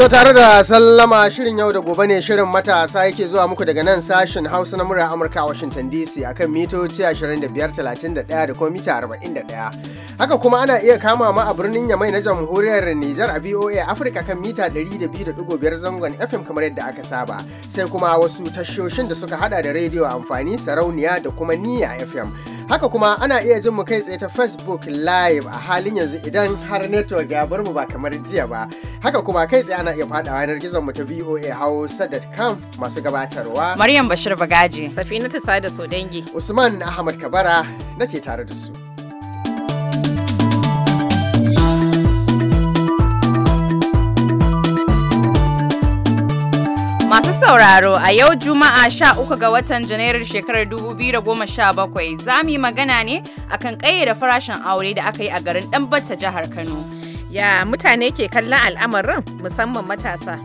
To tare da sallama shirin yau da gobe ne shirin matasa yake zuwa muku daga nan sashen Hausa na murar Amurka a Washington DC akan mitoci 2531 da kuma mita 41. Haka kuma ana iya kama ma a birnin Yamai na jamhuriyar Nijar a VOA Africa kan mita 102.5 zangon FM kamar yadda aka saba. Sai kuma wasu tashoshin da suka hada da rediyo amfani sarauniya da kuma niya FM. Haka kuma ana iya jin mu kai tsaye ta Facebook Live a halin yanzu idan har network ya bar mu ba kamar jiya ba. Haka kuma kai tsaye ana iya faɗawa yanar gizon mu ta VOA Hausa.com masu gabatarwa. Maryam Bashir Bagaji. Safina sada da Sodengi. Usman Ahmad Kabara nake tare da su. sauraro a yau Juma'a sha 13 ga watan Janairun shekarar 2017 za mu yi magana ne akan da farashin aure da aka yi a garin Danbatta jihar Kano. Ya mutane ke kallon al'amarin musamman matasa.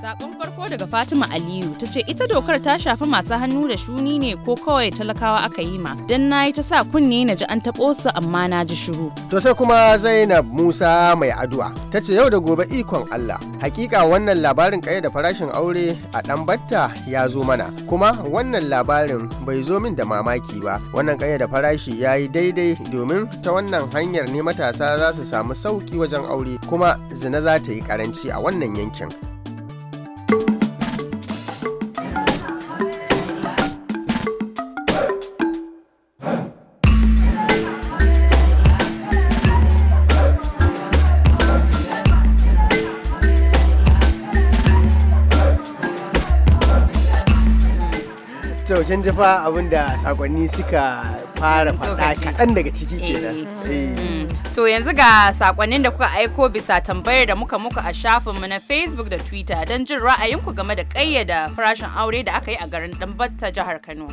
Sakon farko daga Fatima Aliyu ta ce ita dokar ta shafi masu hannu da shuni ne ko kawai talakawa aka yi ma don na yi ta sa kunne na ji an taɓo su amma na ji shiru. To sai kuma Zainab Musa mai addu'a ta ce yau da gobe ikon Allah. Hakika wannan labarin kaya da farashin aure a ɗan batta ya zo mana kuma wannan labarin bai zo min da mamaki ba wannan kaya da farashi ya yi daidai domin ta wannan hanyar ne matasa za su samu sauki wajen aure kuma zina za ta yi karanci a wannan yankin. kin ji fa da sakonni suka fara faɗa kaɗan daga ciki eh. kenan. Mm. Eh. To yanzu ga sakonnin da kuka aiko bisa tambayar da muka muka a shafinmu na Facebook da Twitter don jin ra'ayinku game da ƙayyada farashin aure da aka yi a garin Dambatta jihar Kano.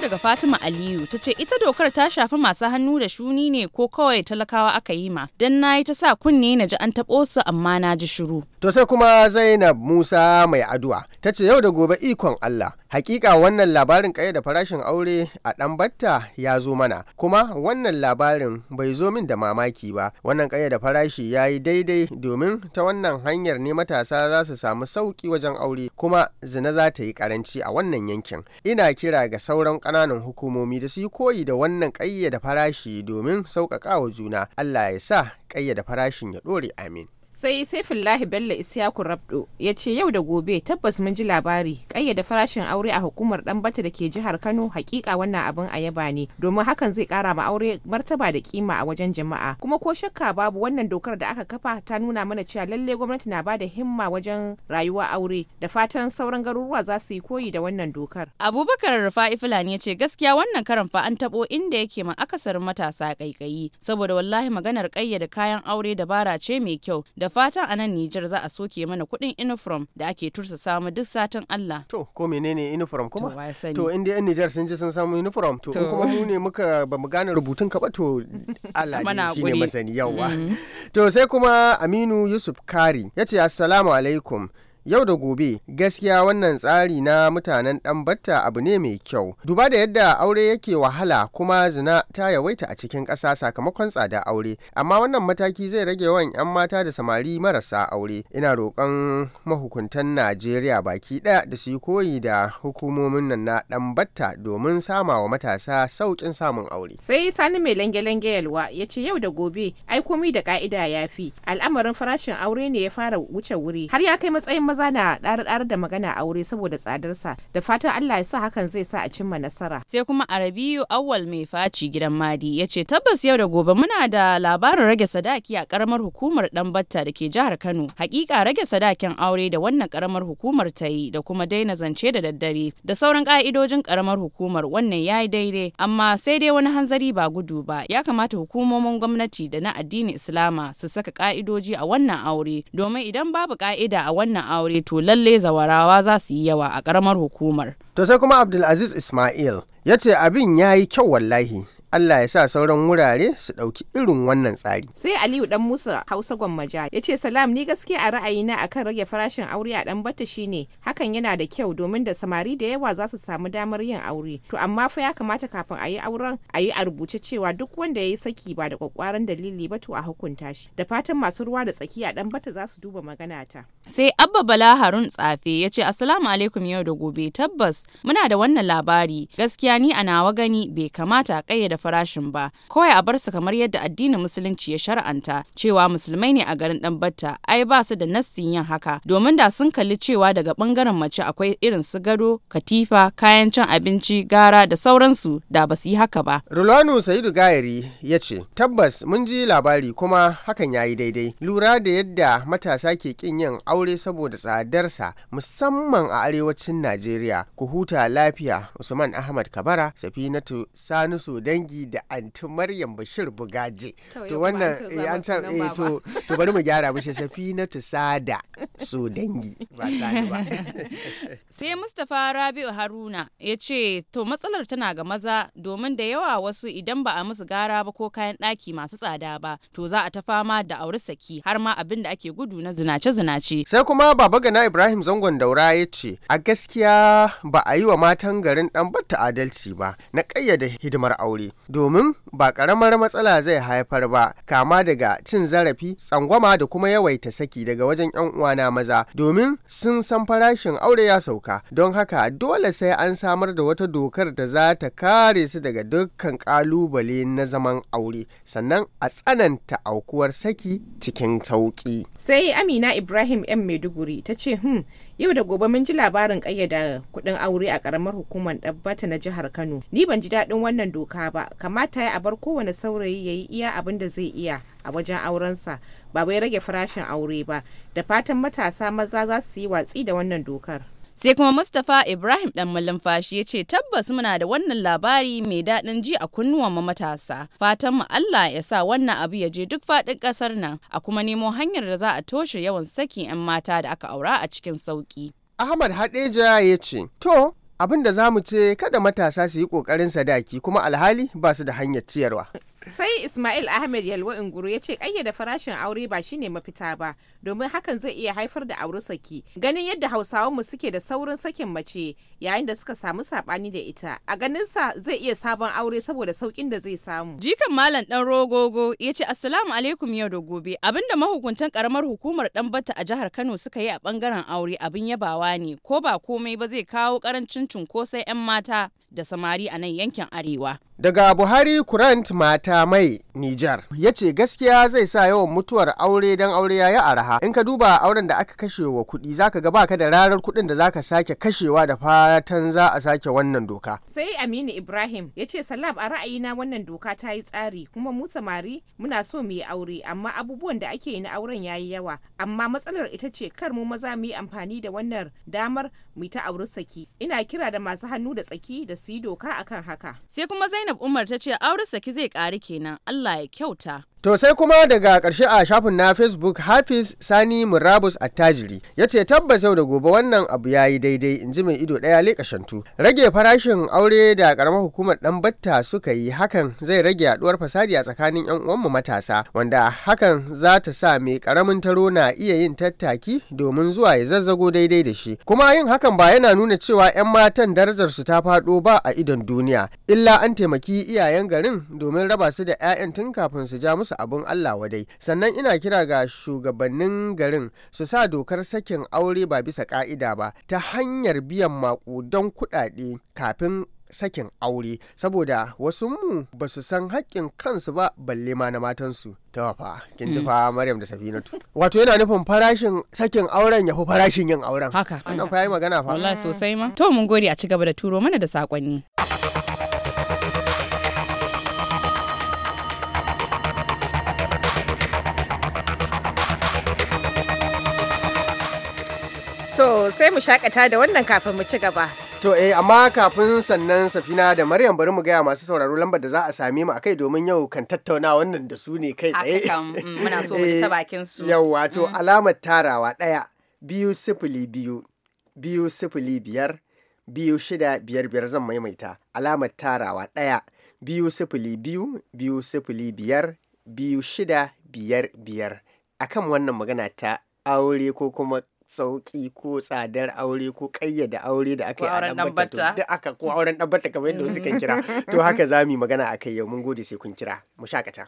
daga Fatima Aliyu ta ce ita dokar ta shafi masu hannu da shuni ne ko kawai talakawa aka yi ma don na yi ta sa kunne na ji an taɓo su amma na ji shiru. To sai kuma Zainab Musa mai addu'a ta ce yau da gobe ikon Allah Hakika wannan labarin kaya da farashin aure a ɗan batta ya zo mana, kuma wannan labarin bai zo min da mamaki ba. Wannan kaya da farashi ya yi daidai domin ta wannan hanyar ne matasa za su samu sauƙi wajen aure kuma zina za ta yi karanci a wannan yankin. Ina kira ga sauran ƙananan hukumomi da su yi koyi da wannan ƙayyada farashi domin sauƙaƙa wa juna. Allah ya sa ƙayyada farashin ya ɗore amin. sai saifullahi bello isiyaku rabdo ya ce yau da gobe tabbas mun ji labari kayyada farashin aure a hukumar bata da ke jihar kano hakika wannan abin a yaba ne domin hakan zai kara ma aure martaba da kima a wajen jama'a kuma ko shakka babu wannan dokar da aka kafa ta nuna mana cewa lalle gwamnati na bada himma wajen rayuwa aure da fatan sauran garuruwa za su yi koyi da wannan dokar abubakar rufa'i fulani ya ce gaskiya wannan karan fa an tabo inda yake ma akasarin matasa kaikayi saboda wallahi maganar kayyada kayan aure dabara ce mai kyau da fatan a nan Nijar za a soke mana kuɗin uniform da ake tursa samu duk satin Allah. To ko menene uniform kuma? To in dai 'yan Nijar sun ji sun samu uniform to in kuma mu ne muka ba mu gane rubutun ka ba to Allah ne ne masani yawa. Mm-hmm. To sai kuma Aminu Yusuf Kari ya ce assalamu alaikum. yau da gobe gaskiya wannan tsari na mutanen dan batta abu ne mai kyau duba da yadda aure yake wahala kuma zina ta yawaita a cikin ƙasa sakamakon tsada aure amma wannan mataki zai rage yawan 'yan mata da samari marasa aure ina roƙon mahukuntan najeriya baki ɗaya da su yi koyi da hukumomin nan na dan batta domin sama wa matasa sauƙin samun aure sai sani mai lange-lange yalwa ya ce yau da gobe aikomi da ka'ida ya fi al'amarin farashin aure ne ya fara wuce wuri har ya kai matsayin maza na ɗarar da magana a aure saboda tsadarsa da fatan Allah ya sa hakan zai sa a cimma nasara. Sai kuma Arabiyu Awal mai faci gidan Madi ya ce tabbas yau da gobe muna da labarin rage sadaki a karamar hukumar Danbatta da ke jihar Kano. Hakika rage sadakin aure da wannan karamar hukumar ta yi da kuma daina zance da daddare da sauran ka'idojin karamar hukumar wannan yayi daidai amma sai dai wani hanzari ba gudu ba ya kamata hukumomin gwamnati da na addinin Islama su saka ka'idoji a wannan aure domin idan babu ka'ida a wannan aure aure to lalle zawarawa za su yi yawa a karamar hukumar. To sai kuma Abdulaziz Ismail ya ce abin ya yi kyau wallahi Allah ya sa sauran wurare su ɗauki irin wannan tsari. Sai Aliyu ɗan Musa Hausa Gwammaja ya ce salam ni gaskiya a ra'ayina akan rage farashin aure a ɗan bata shi ne hakan yana da kyau domin da samari da yawa za su samu damar yin aure. To amma fa ya kamata kafin a yi auren a yi a rubuce cewa duk wanda ya yi saki ba da kwakwaran dalili ba to a hukunta shi. Da fatan masu ruwa da tsaki a ɗan bata za su duba magana ta. Sai Abba Bala Harun Tsafe ya ce assalamu alaikum yau da gobe tabbas muna da wannan labari gaskiya ni a nawa gani bai kamata a ƙayyade farashin ba kawai a bar su kamar yadda addinin musulunci ya shar'anta cewa musulmai ne a garin dan batta ai ba su da nassin yin haka domin da sun kalli cewa daga bangaren mace akwai irin su gado katifa kayan cin abinci gara da sauransu da ba su yi haka ba rulanu sa'idu gayari ya ce tabbas mun ji labari kuma hakan ya yi daidai lura da yadda matasa ke kin yin aure saboda tsadarsa musamman a arewacin najeriya ku huta lafiya usman ahmad kabara safinatu sanusu dangi dangi da anti maryam bashir bugaji to wannan an eh, san eh, to to bari mu gyara mishi na tusada so dangi sai mustapha rabi'u haruna ya ce to matsalar tana ga maza domin da yawa wasu idan ba a musu gara ba ko kayan ɗaki masu tsada ba to za a ta fama da auri saki har ma abin da ake gudu na zinace-zinace sai kuma baba gana ibrahim zangon daura ya ce a gaskiya ba a yi wa matan garin dan batta adalci ba na ƙayyade hidimar aure domin ba ƙaramar matsala zai haifar ba kama daga cin zarafi tsangwama da kuma yawaita saki daga wajen 'yan uwana maza domin sun san farashin aure ya sauka don haka dole sai an samar da wata dokar da za ta kare su daga dukkan ƙalubale na zaman aure sannan a tsananta aukuwar saki cikin sauƙi sai amina ibrahim 'yan maiduguri ta ce hmm Yau da gobe mun ji labarin kayyada kuɗin aure a ƙaramar hukumar Dabbata na jihar Kano. Ni ban ji daɗin wannan doka ba, kamata ya a bar kowane saurayi ya yi iya abin da zai iya a wajen aurensa, ba bai rage farashin aure ba. Da fatan matasa maza za su yi watsi da wannan dokar. sai kuma mustapha ibrahim dan malumfashi ya ce tabbas muna da wannan labari mai daɗin ji a kunnuwan mu matasa fatan mu allah ya sa wannan abu ya je duk faɗin ƙasar nan a kuma nemo hanyar da za a toshe yawan saki 'yan mata da aka aura a cikin sauƙi ahmad hadeja ya ce to abin da za mu ce kada matasa su yi ƙoƙarin sadaki kuma alhali ba su da hanyar ciyarwa sai ismail ahmed yalwa inguru ya ce ƙayyada farashin aure ba shine mafita ba domin hakan zai iya haifar da aure saki ganin yadda mu suke da saurin sakin mace yayin da suka samu sabani da ita a ganinsa zai iya sabon aure saboda saukin da zai samu jikan malam dan rogogo ya ce assalamu alaikum yau da gobe abinda mahukuntan karamar hukumar dan bata a jihar kano suka yi a bangaren aure abin yabawa ne ko ba komai ba zai kawo karancin cunkoson yan mata da samari a nan yankin arewa. Daga Buhari Kurant mata mai Nijar ya ce gaskiya zai sa yawan mutuwar aure don aure ya yi araha in ka duba auren da aka kashe wa kuɗi zaka ga baka da rarar kuɗin da zaka sake kashewa da fatan za a sake wannan doka. Sai Aminu Ibrahim ya ce Salab a ra'ayina wannan doka ta yi tsari kuma mu samari muna so mu yi aure amma abubuwan da ake yi na auren ya yi yawa amma matsalar ita ce kar mu maza mu yi amfani da wannan damar mu ta auri saki ina kira da masu hannu da tsaki da su yi doka akan haka sai kuma zainab umar ta ce auri saki zai ƙari kenan allah ya kyauta To sai kuma daga ƙarshe a shafin na Facebook Hafiz Sani Murabus Attajiri ya ce tabbas yau da gobe wannan abu ya yi daidai in ji mai ido ɗaya leƙa shantu. Rage farashin aure da ƙaramar hukumar ɗan batta suka yi hakan zai rage yaɗuwar fasadi a tsakanin 'yan uwanmu matasa wanda hakan za ta sa mai ƙaramin taro na iya yin tattaki domin zuwa ya zazzago daidai da shi. Kuma yin hakan ba yana nuna cewa 'yan matan darajar su ta faɗo ba a idon duniya illa an taimaki iyayen garin domin raba su da 'ya'yan tun kafin su ja musu musu abun Allah wadai sannan ina kira ga shugabannin garin su sa dokar sakin aure ba bisa ka'ida ba ta hanyar biyan maƙudan kuɗaɗe kafin sakin aure saboda wasu mu ba su san haƙƙin kansu ba balle ma na matansu ta wafa kin ji mm. Maryam da Safinatu wato yana nufin farashin sakin auren ya fi farashin yin auren haka annan fa yi magana fa wallahi sosai ma to mun gode a ci gaba da turo mana da sakonni To sai mu shakata da wannan kafin mu ci gaba. To eh amma kafin sannan Safina da Maryam bari mu gaya masu sauraro lambar da za a same mu akai domin yau kan tattauna wannan da su ne kai tsaye. Mm, muna so mu ta eh, bakin su. Yawwa to mm. alamar tarawa ɗaya biyu sifili biyu biyu sifili biyar biyu shida biyar biyar zan maimaita alamar tarawa ɗaya biyu sifili biyu biyu sifili biyar biyu shida biyar biyar akan wannan magana ta aure ko kuma sauki ko tsadar aure ko kayyada aure da aka yi a nan duk aka ko auren dan kamar yadda suka kira to haka za mu yi magana akai yau mun gode sai kun kira mu shakata.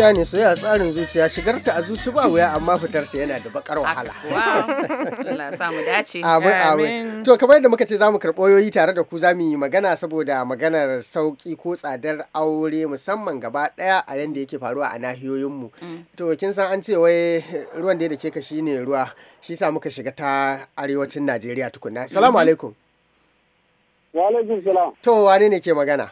zuciya ne soyayya tsarin zuciya shigar ta a zuci ba wuya amma fitar ta yana da bakar wahala Allah samu dace amin amin to kamar yadda muka ce zamu karɓo yoyi tare da ku zamu yi magana saboda maganar sauki ko tsadar aure musamman gaba daya a yanda yake faruwa a nahiyoyin mu mm. to kin san an ce wai ruwan da ke ka shine ruwa shi sa muka shiga ta arewacin Najeriya tukunna assalamu mm-hmm. alaikum wa alaikum salam to wane ne ke magana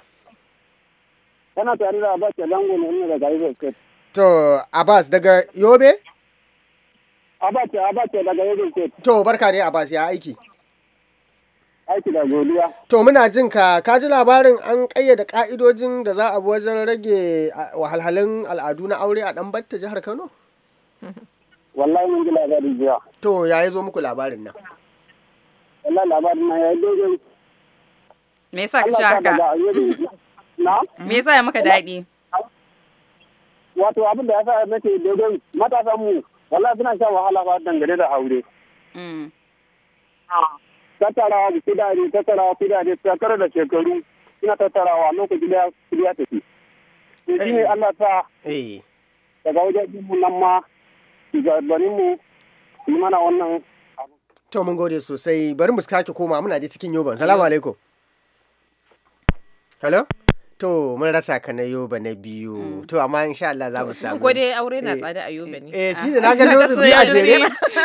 kana tare da Abbas Lango ne ne daga Yobe State. To Abbas daga Yobe? Abbas Abbas daga Yobe State. To barka ne Abbas ya aiki. Aiki da godiya. To muna jin ka ka ji labarin an kayyade ka'idojin da za a bi wajen rage wahalhalun al'adu na aure a dan batta jihar Kano? Wallahi mun ji labarin jiya. To ya yi zo muku labarin nan? Wallahi labarin nan ya yi dogon. Me yasa ka ci haka? Me yasa ya maka daɗi? Wato abin da ya sa nake dogon matasan mu wallahi suna shan wahala ba dangane da aure. Mm. Tattarawa da kudade, tattarawa kudade, tattara da shekaru suna tattarawa lokaci da ya tafi. To shi ne eh. Allah ta eh. daga wajen jimu nan ma zarbarin mu, su mana wannan abu. To mun gode sosai bari mu sake koma muna da cikin yoban. Salamu alaikum. Hello? To mun rasa ka na yoba na biyu. Hmm. To amma insha Allah za mu samu. Ko dai aure na eh, tsada a yoba ne. Eh, eh ah. shi ne na ga yoba biyu jere.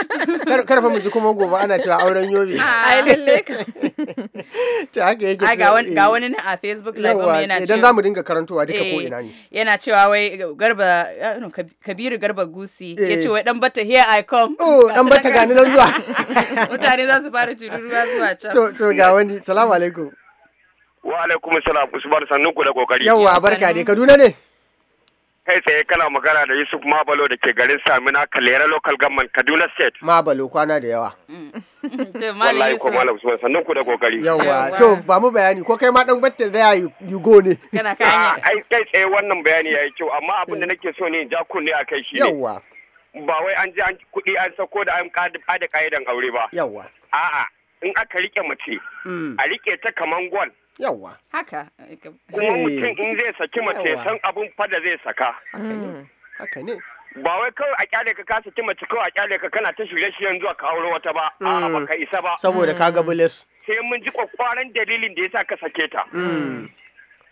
Karfa mu ji kuma gobe ana cewa auren yobe. Ah, ai lalle ka. Ta haka yake. Ai ga eh. wani na a Facebook live mu yana cewa. Idan za mu dinga karantowa duka ko ina ne. Yana cewa wai Garba Kabiru Garba Gusi ya ce wai dan bata here I come. Oh dan bata gani nan zuwa. Mutane za su fara cururuwa zuwa can. To to ga wani. Salamu alaikum. wa alaikum salam usman sannun ku da kokari yawwa barka dai kaduna ne kai tsaye kana magana da yusuf mabalo da ke garin samina kalera local government kaduna state mabalo kwana da yawa mm. wallahi ko malam usman sannan ku da kokari yawa to ba mu bayani ko kai ma dan batte da yi go ne kana kanya ai kai tsaye wannan bayani yayi kyau amma abin da eh. nake so ne ja kunne akai shi ne yawa ba wai an ji an kuɗi an sako da an kada ka'idan aure ba yawa a'a in aka rike mace mm. a rike ta kaman gwal Yawwa. Haka. Kuma eh. mutum in zai saki mace san abun fada zai saka. Mm. Haka ne. Ba wai kawai a kyale ka kasa mace kawai a kyale ka kana ta shirye shiryen zuwa ka aure wata ba. a mm. baka ka isa ba. Saboda ka ga mm. bulis. Sai mun ji kwakwaran dalilin da ya sa ka sake ta.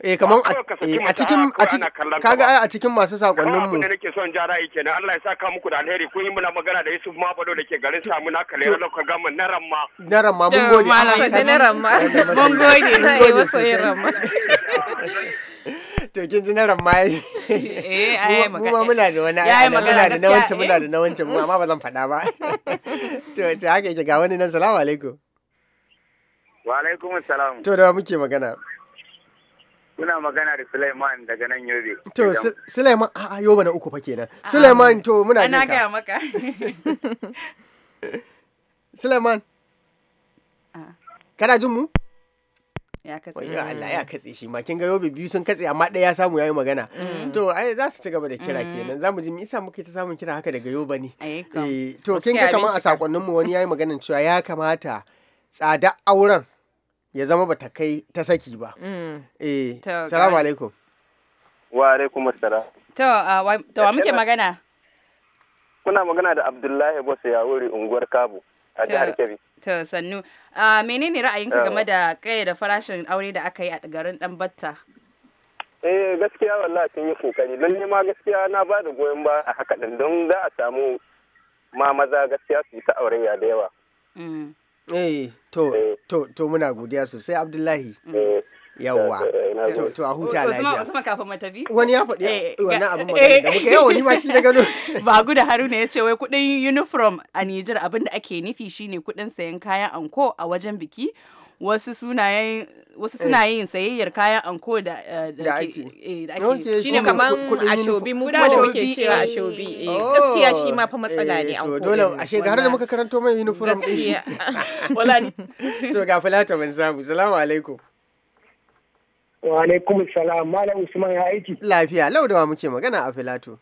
eh kamar eh, a cikin a cikin kaga a cikin masu sakonnin mu abin da nake son ja ra'ayi kenan Allah ya saka muku da alheri kun yi muna magana da Yusuf Mabado da ke garin Samu na kale Kalera lokacin gama na ramma na ramma mun gode mun gode na ramma mun gode mun gode sosai ramma to kin ji na ramma eh ai kuma muna da wani ai magana da na wancan muna eh. da na wancan mu amma ba zan faɗa ba to ta haka yake ga wani nan salamu alaikum wa alaikum assalam to da muke magana Kuna magana da Suleiman daga nan Yobe. To Suleiman a Yobe na uku fa kenan. Suleiman to muna jinka. Ana gaya maka. Suleiman. Ah. Kana jin mu? ya katse ya Allah ya katse shi ma kin ga yobe biyu sun katse amma ɗaya ya samu yayi magana mm. to ai za su ci gaba da kira mm. kenan Za mu ji me yasa muke ta samun kira haka daga Yobe ne eh to kin ga kamar a sakonnin mu wani yayi maganan cewa ya kamata tsada auren ya zama ba ta kai ta saki ba. Mm. Eh, salamu alaikum. Wa alaikum assalam. To, uh, muke magana? Kuna magana da Abdullahi Bosa wuri unguwar kabu. a jihar Kebbi. To, sannu. Uh, menene ra'ayinka eh. game da kai da farashin aure da aka yi a garin Dan Batta? Eh, gaskiya wallahi sun yi kokari. Don ma gaskiya na ba da goyon ba a haka din don za a samu ma maza gaskiya su yi ta aurayya da yawa. Mm. eh to eh. to to muna godiya sosai abdullahi mm. eh, yawwa to to a huta lafiya usman kafin mu wani ya faɗi eh, wani abin ma da muka yawa ni ma shi da gano ba guda haruna ya ce wai kuɗin uniform a Nijar abin da ake nufi shine kuɗin sayan kayan anko a wajen biki wasu sunayen wasu eh. suna yin sayayyar kayan anko da eh, ake eh, shi ne kamar ashobi mu da muke cewa ashobi oh. gaskiya shi ma fa matsala ne anko dole a ga da muka karanto mai uniform din shi wala ne to ga fulata mun samu salamu alaikum wa alaikum salam malam usman ya aiki lafiya laudawa muke magana a filato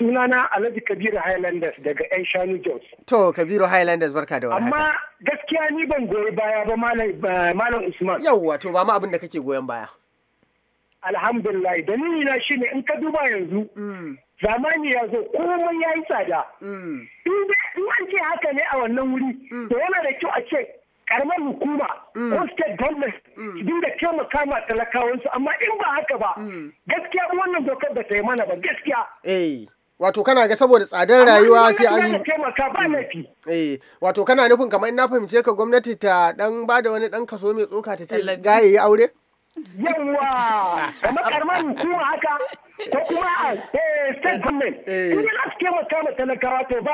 sunana Alhaji Kabiru Highlanders daga 'yan shanu Jos. To, Kabiru Highlanders barka da warhaka. Amma gaskiya ni ban goyi baya ba Malam Usman. Yawwa, to ba ma abin da kake goyon baya. Alhamdulillah, ni na shi ne in ka duba yanzu. Mm. Zamani ya zo komai ya yi tsada. Mm. In an ce haka ne a wannan wuri, mm. to yana da kyau a ce karamar hukuma ko state government su dinga taimaka ma talakawansu amma in ba haka ba gaskiya wannan dokar ba ta yi mana ba gaskiya eh. wato kana ga saboda tsadar rayuwa sai an yi mm. eh wato kana nufin kamar in na fahimce ka gwamnati ta dan ba da wani dan kaso mai tsoka ta ce gaye yi aure yawa kamar karman hukuma haka ko kuma a eh, state government eh. in za su taimaka ma talakawa to ba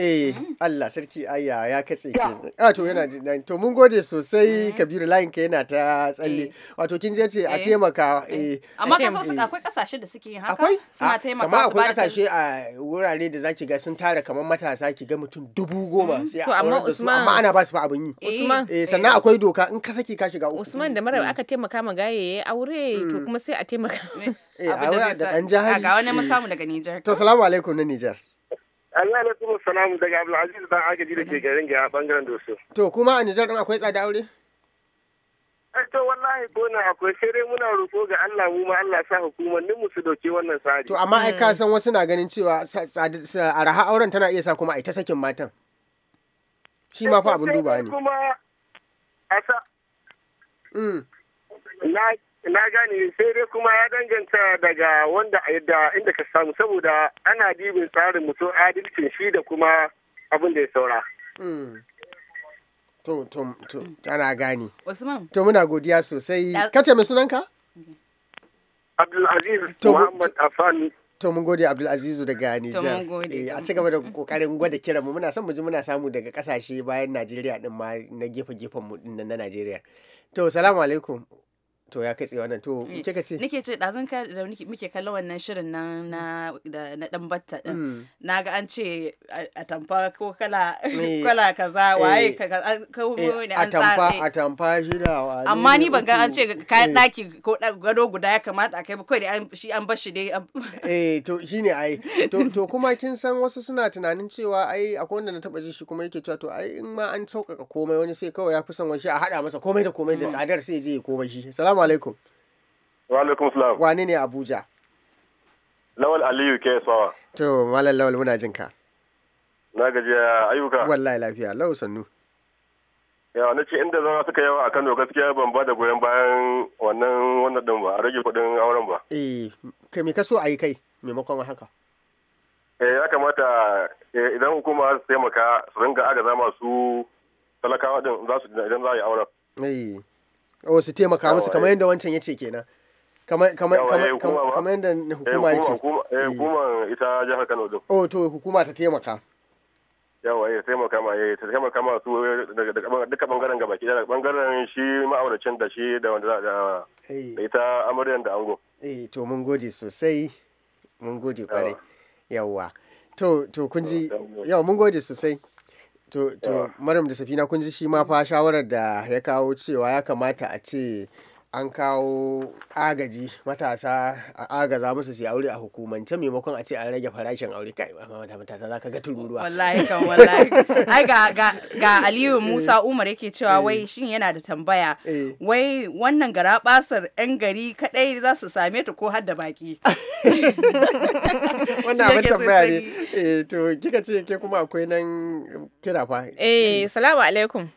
Eh, mm. Allah sarki ayya ya katse ke. Ah to yana jin To mun gode sosai mm. Kabiru layin ka yana ta tsalle. Eh. Wato kin je ce a eh. taimaka eh. eh. Amma akwai kasashe da suke yin haka suna ah, taimaka Kamar akwai kasashe a wurare da zaki ga sun tara kamar matasa ki ga mutum dubu goma mm. sai a aurar da su amma ana ba su ba abin yi. Usman. Eh sannan akwai doka in ka saki ka shiga uku. Usman da mara aka taimaka ma gaye aure to kuma sai a taimaka. Eh a da dan jihar. Ah, ga wani mun samu daga Nijar. To salamu alaikum na Nijar. Allah salamu daga Abdulaziz dan agaji da ke garin gaya bangaren Doso. To kuma a Nijar din akwai tsada aure? Eh, to wallahi ko na akwai sai dai muna roƙo ga Allah mu ma Allah sa mu su dauke wannan sari To amma ai ka hmm. san wasu na ganin cewa araha auren tana iya sa kuma ai ta sakin matan. Shi ma fa eh, abin duba ne. Kuma a sa. Hmm. Na na gane sai dai kuma ya danganta daga wanda yadda inda ka samu saboda ana dibin tsarin mutum adalcin shi da kuma abin da ya saura. Hmm. To, to, to, ana gane. Usman. To, muna godiya sosai. Kace mai sunanka? Abdulaziz Muhammad Afan. To mun gode Abdulazizu daga Nijar. Eh, a cigaba da kokarin gwada kiran mu muna son mu ji muna samu daga kasashe bayan Najeriya din ma na gefe-gefen mu din na Najeriya. To salamu alaikum. to ya kai wannan to eh, ka ce nake ce dazun ka da muke kallon wannan shirin nan na da na dan batta din mm. na ga an ce a tamfa ko kala kala kaza eh. waye ka ko eh, ne an tsare a tamfa shida wani amma ni ban ga an ce kayan daki ko gado guda ya kamata a kai ba kai an shi an bar shi dai eh to shine ai to to kuma kin san wasu suna tunanin cewa ai akwai wanda na taba ji shi kuma yake cewa to ai in ma an sauƙaƙa komai wani sai kawai ya fi son wani a haɗa masa komai da komai da mm. tsadar sai je ya komai shi salamu salamu alaikum. Wa alaikum salam. Wane ne Abuja? Lawal Aliyu ke sawa. To, Malam Lawal muna jin ka. Na gajiya ayyuka. Wallahi lafiya, lau sannu. Ya na ce inda zama suka yawa a kano gaskiya ban ba da goyon bayan wannan wannan din ba a rage kudin auren ba eh kai me ka so a yi kai maimakon haka eh ya kamata eh, idan hukuma su taimaka su ringa agaza masu talakawa din za su idan za a yi auren eh o oh, su taimaka musu kamar eh. yadda wancan ya ce kenan kamar eh, yadda eh, hukuma ya ce hukuma ita jihar kano din o oh, to hukuma ta taimaka yawa ya taimaka ma ta taimaka ma su duka bangaren gaba daga bangaren shi ma'auracin da shi da wanda da ita amaryan da ango eh to mun gode sosai mun gode kwarai yawa to to kun ji yawa mun gode sosai to to maram da safina kun ji shi ma fa shawarar da ya kawo cewa ya kamata a ce an kawo agaji matasa a agaza musu su aure a hukumance maimakon a ce an rage farashin aure kai matasa za ka ga tururuwa wallahi kan wallahi ai ga ga Aliyu eh. Musa Umar yake cewa eh. wai shin yana da tambaya eh. wai wannan gara basar yan gari kadai za su same ta ko har da baki wannan abin tambaya ne to kika ce ke kuma akwai nan kira fa eh salamu alaikum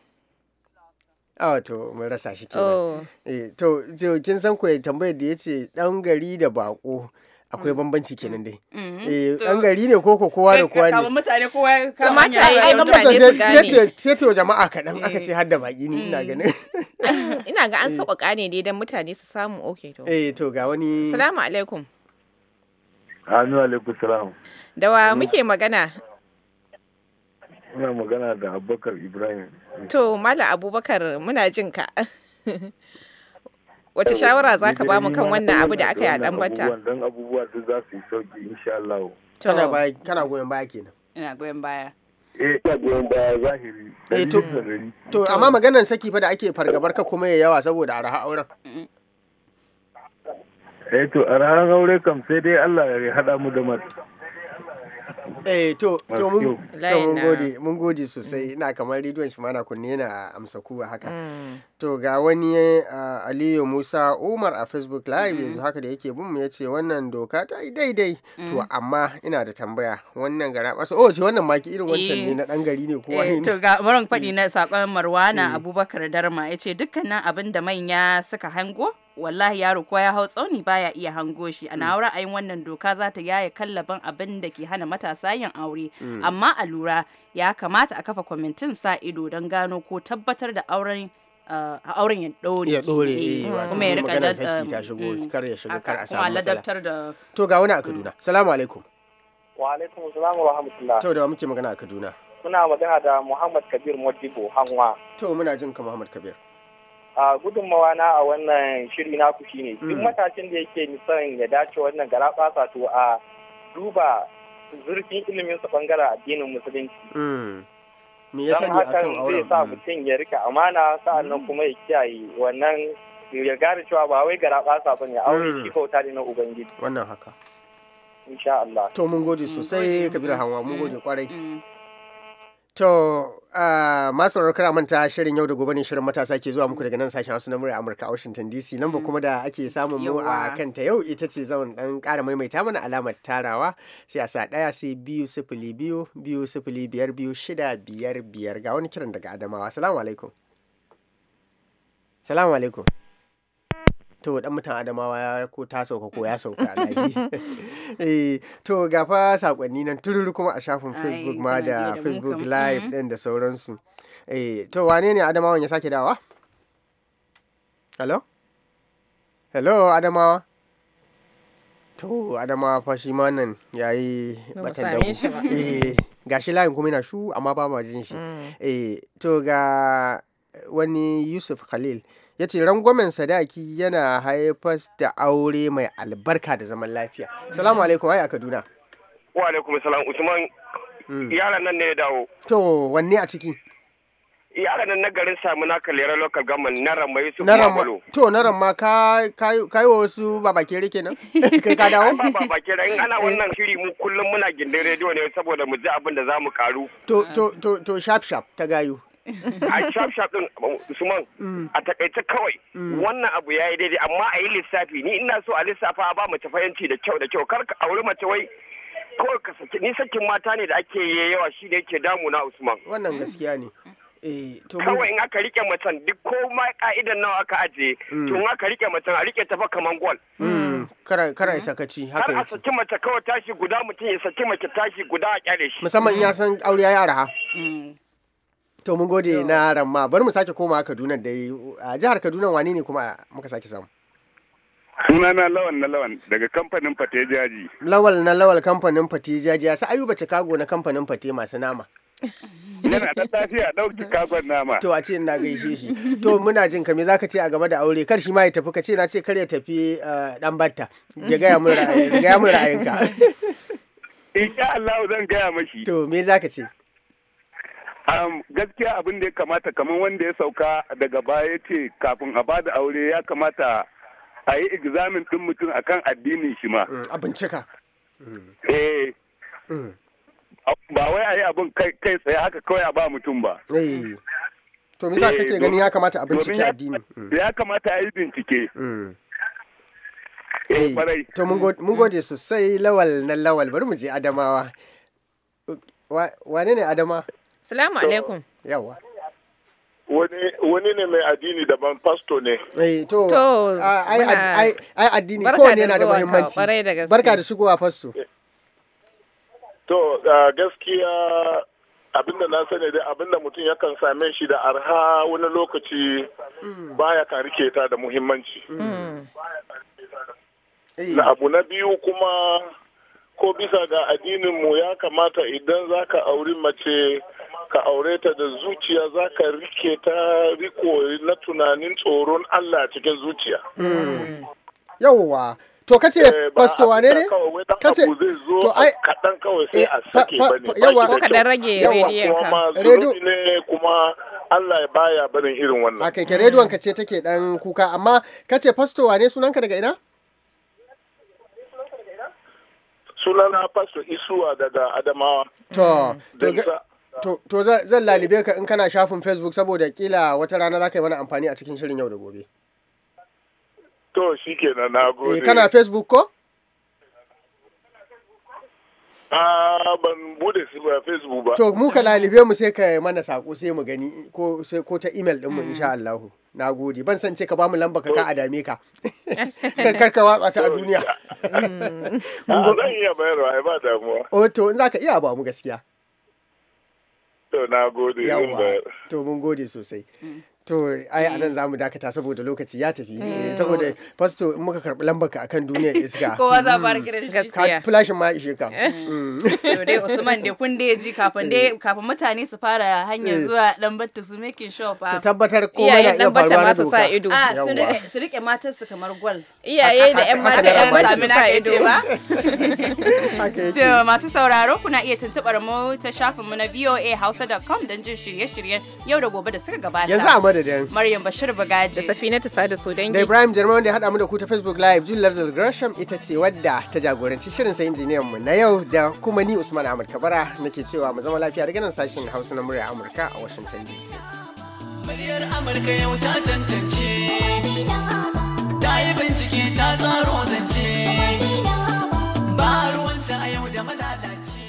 a ah, to mun rasa shi kenan oh. eh to kin san ku tambayar da ya ce ɗan gari da baƙo akwai mm. bambanci kenan dai mm-hmm. Mm-hmm. eh Ɗan gari ne koko kowa da kowa ne Kama mutane kowa kamar ai mutane su gane sai to jama'a kaɗan aka mm. ce har da baƙi ne ina mm. ganin ina ga an eh. sauƙaƙa ne dai don mutane su samu okay to eh to ga wani Salamu alaikum Anu alaikum salam. Da wa muke magana? muna magana da abubakar ibrahim to mala abubakar muna jin ka wace shawara za ka ba mu kan wannan abu da aka yi a dan bata dan abubuwa duk za su yi sauki insha Allah kana kana goyon baya kenan ina goyon baya eh, ina goyon baya eh to to amma maganar saki fa da ake fargabar ka kuma ya yawa saboda araha auren eh to araha aure kam sai dai Allah ya hada mu da mata eh to to mun mun gode mun gode sosai ina kamar rediyon shi mana kunne na amsa kuwa haka to ga wani Aliyu Musa Umar a Facebook live mm-hmm. yanzu haka da yake bin mu yace wannan doka ta yi daidai mm. to amma ina da tambaya wannan gara basa oh ce wannan maki irin wancan ne eh. na dan gari ne kowa eh, ne to ga maran faɗi mm. na sakon Marwana mm. Abubakar Darma yace dukkanin abin da manya suka hango wallahi yaro ko ya hau tsauni baya iya hango shi a mm. nawa ayin wannan doka za ta yaya kallaban abin da ke hana matasa yin aure mm. amma a lura ya kamata a kafa kwamitin sa ido don gano ko tabbatar da auren uh, auren ya dore ya dore eh, eh, kuma ya rika da um, ta shigo mm, kar ya shiga kar a samu matsala da to ga wani a Kaduna salamu alaikum wa alaikum assalam wa rahmatullah to da muke magana a Kaduna muna magana da Muhammad Kabir Modibo Hanwa to muna jin ka Muhammad Kabir a gudunmawa na a wannan shiri na ku shine duk mm. matashin da yake nisan ya dace wannan garabasa to a duba zurfin ilimin su bangaren addinin musulunci mm. me yasa ne akan zai sa mm. mutum ya rika amana nan kuma ya kiyaye wannan ya gane cewa ba wai garabasa bane aure shi kauta ne na ubangiji wannan haka insha Allah to mun gode sosai kabira hawa mun gode kwarai To, uh, masu sauraro manta shirin yau da gobe ne shirin matasa ke zuwa muku daga nan sashen wasu na murya Amurka a Washington DC. Lamba kuma da ake samun mu a kanta yau ita ce zaun dan kara maimaita mana alamar tarawa sai a sa ɗaya sai biyu sifili biyu biyu sifili biyar biyu shida biyar biyar ga wani kiran daga Adamawa. Salamu alaikum. Salamu alaikum. to dan mutan adamawa ya ko ta sauka ko ya sauka alaji eh, to ga fa sakonni nan tururu kuma a shafin facebook ma da facebook live din mm-hmm. da sauransu eh, to wane ne adamawan ya sake dawa hello hello adamawa to adamawa fa shi ma nan yayi batan ku. ga shi layin kuma yana shu amma ba ma jin shi mm. eh, to ga wani yusuf khalil ya ce rangwamen sadaki yana haifar da aure mai albarka da zaman lafiya salamu alaikum ai a kaduna wa alaikum salam usman mm. yaran nan ne ya dawo to wanne a ciki yaran nan na garin samu na kalera local government na ramai su na ramma to na ramma ka kai wa wasu babakere kenan kai ka dawo ba babakere in ana wannan shiri mu kullum muna gindin rediyo ne saboda mu ji abin da zamu karu to to to to sharp sharp ta gayu a sharp sharp din mm. a takaice kawai mm. wannan abu ya yi daidai amma a yi lissafi ni ina so a lissafa a ba mace fahimci da kyau da kyau kar ka aure mace wai kawai ka saki ni sakin mata ne da ake yi yawa shi ne yake damuna Usman wannan gaskiya ne eh, kawai in aka rike macen duk ko ma ka'idan nawa aka aje mm. to in aka rike macen a rike tafa kaman gol kara ya sakaci haka yake a saki mace kawai tashi guda mutum ya saki mace tashi guda a kyale shi musamman ya san aure ya yi araha to mun gode na ramma bari mu sake koma kaduna da a jihar kaduna wani ne kuma muka sake samu suna na lawal na lawal daga kamfanin fate jaji lawal na lawal kamfanin fate jaji ya sa ayuba chicago na kamfanin fate masu nama yana da lafiya ɗauki kagon nama to a ce ina gaishe shi to muna jin ka me zaka ce a game da aure kar shi ma ya tafi ka ce na ce kar ya tafi dan eh, batta ya gaya mun ra'ayin ya gaya ra'ayinka insha Allah zan gaya mashi to me zaka ce Um, gaskiya abin da ya kamata kamar wanda ya sauka daga baya ce kafin a bada aure ya kamata a yi examin din mutum akan addinin shi ma. Mm, a bincika. Eh. Mm. Ba wai a yi abin kai tsaye haka kawai a ba mutum ba. Eh. To misa ka eh, kake ganin ya kamata a bincike addini? Mm. Ya kamata a yi bincike. Eh, to mun gode sosai lawal na lawal bari mu je Adamawa. Wane ne Adama? Salamu alaikum. Yawa. Wani ne mai addini daban pasto ne. Eh to, ai addini ne yana da muhimmanci. Barka da shigowa pasto. Eh. To, gaskiya abinda na sani da abinda mutum yakan same shi da arha wani lokaci mm. baya kan rike ta da muhimmanci. Mm. Mm. Eh. Na abu na biyu kuma ko bisa ga addininmu ya kamata idan za ka auri mace ka aure ta da zuciya za ka rike ta riko na tunanin tsoron Allah cikin zuciya. Mm. Yawwa, to ka ce eh, pasto wane ne? Ka ce, to ai kadan kawai sai eh, a sake bane. Yawwa, ko kadan rage rediyon ka. ne kuma Allah ya baya barin irin wannan. Akai, ke rediyon ka ce take dan kuka amma ka ce pasto wane sunanka daga ina? Sunana pasto Isuwa daga Adamawa. To, To zan lalibe ka in kana shafin Facebook saboda kila wata rana za ka yi mana amfani a cikin shirin yau da gobe. To shi kenan na eh, gode. Kana Facebook ko? Ah, ban bude su ba facebook ba to mu ka lalibe mu sai ka mana sako sai mu gani ko sai ko ta email din mu mm. insha Allah na gode ban san ce ka bamu lamba ka ka a dame ka kan karka watsa ta a duniya mun mm. ah, ga iya bayarwa ba damuwa o oh, to in ka iya ba mu gaskiya To na gode. Yawwa, to mun gode sosai. Mm. To ai a nan eh. za mu dakata saboda lokaci ya tafi eh. Eh, saboda fasto in muka karɓi lambar ka akan duniya iska. Kowa za fara mm. kiran shi gaskiya. Flashin ma ishe ka. Mm. To dai Usman dai kun dai ji kafin dai kafin mutane su fara hanyar zuwa lambar ta su making sure fa. Su tabbatar ko mana iya faruwa na doka. Iyaye ah, su su rike matar su kamar gwal. Iyaye da ƴan mata ƴan sami na ido ba. To masu sauraro kuna iya tuntuɓar mu ta shafin mu na voahausa.com don jin shirye-shiryen yau da gobe da suka gabata. madadin Maryam Bashir Bagaji da Safina Sada dangi. da Ibrahim Jarman wanda ya haɗa mu da ku ta Facebook Live Jill Lazarus Gresham ita ce wadda ta jagoranci shirin sa injiniyan mu na yau da kuma ni Usman Ahmad Kabara nake cewa mu zama lafiya daga nan sashin Hausa na murya Amurka a Washington DC Muryar Amurka yau ta tantance ta yi bincike ta tsaro zance ba ruwanta a yau da malalaci